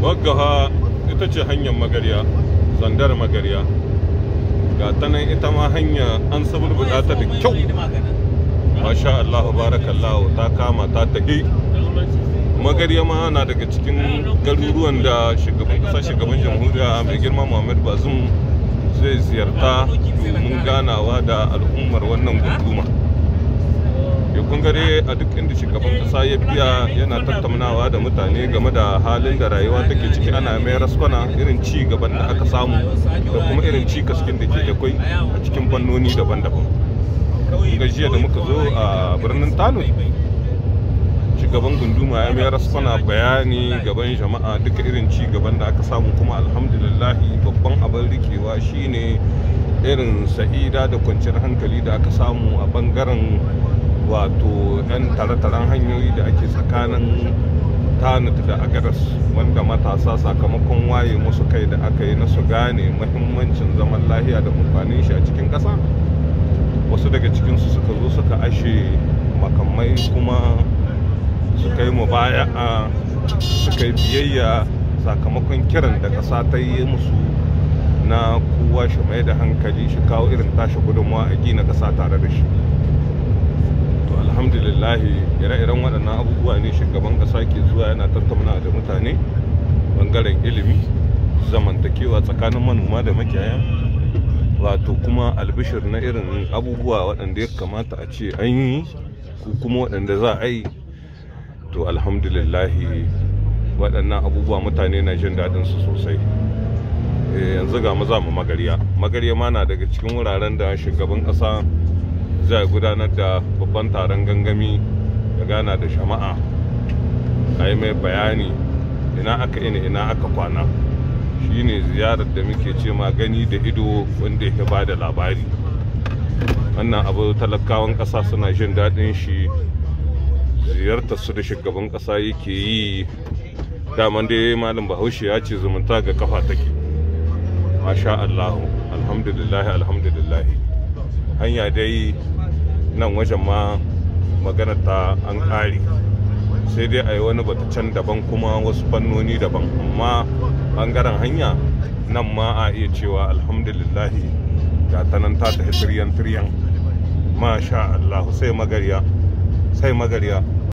waggaha ita ce hanyar magarya zandar magarya ga ta nan ita ma hanya an sabulbuɗa bukata da kyau masha Allah barakallahu ta kama ta tahi magarya ma na daga cikin garuruwan da shugaban ƙasa shugaban jamhuriya mai girma muhammad bazum zai ziyarta domin ganawa da al'ummar wannan guduma ya kungare a duk inda shugaban kasa ya biya yana tattaunawa da mutane game da halin da rayuwa take ciki ana mai raskwana irin ci gaban da aka samu da kuma irin ci kaskin da ke da kwai a cikin fannoni daban-daban gajiya da muka zo a birnin tano shugaban gunduma ya mai raskwana bayani gaban jama'a duka irin ci gaban da aka samu kuma alhamdulillahi babban abin rikewa shine irin sa'ida da kwanciyar hankali da aka samu a bangaren wato 'yan tare-taren hanyoyi da ake tsakanin tanit da agaras wanda matasa sakamakon waye musu kai da aka yi na su gane mahimmancin zaman lahiya da amfanin shi a cikin ƙasa wasu daga cikinsu suka zo suka ashe makamai kuma su mu baya a su kai biyayya sakamakon kiran da ƙasa ta yi musu na kowa shi mai da hankali shi kawo irin tashi gudunmawa a gina ƙasa tare da shi alhamdulillahi ire-iren waɗannan abubuwa ne shugaban ƙasa ke zuwa yana tattauna da mutane bangaren ilimi zamantakewa tsakanin manoma da makiyaya wato kuma albishir na irin abubuwa waɗanda ya kamata a ce an yi ko kuma waɗanda za a yi to alhamdulillahi waɗannan abubuwa mutane na jin daɗin su sosai eh, yanzu ga maza mu magariya magariya ma na daga cikin wuraren da shugaban ƙasa za a gudanar da babban taron gangami da gana da shama'a a yi mai bayani ina aka ina ina aka kwana Shi ne ziyarar da muke ce gani da ido wanda ya ba da labari wannan abu talakawan ƙasa suna jin daɗin shi ziyartar su da shugaban ƙasa yake yi daman dai malam bahaushe ya ce zumunta ga kafa take masha allahu alhamdulillah alhamdulillah hanya dai nan wajen ma magana ta an ƙari sai dai a yi wani bata can daban kuma wasu fannoni daban amma bangaren hanya nan ma a iya cewa alhamdulillahi ga ta nan ta tafi tiryan masha Allah sai magarya sai magarya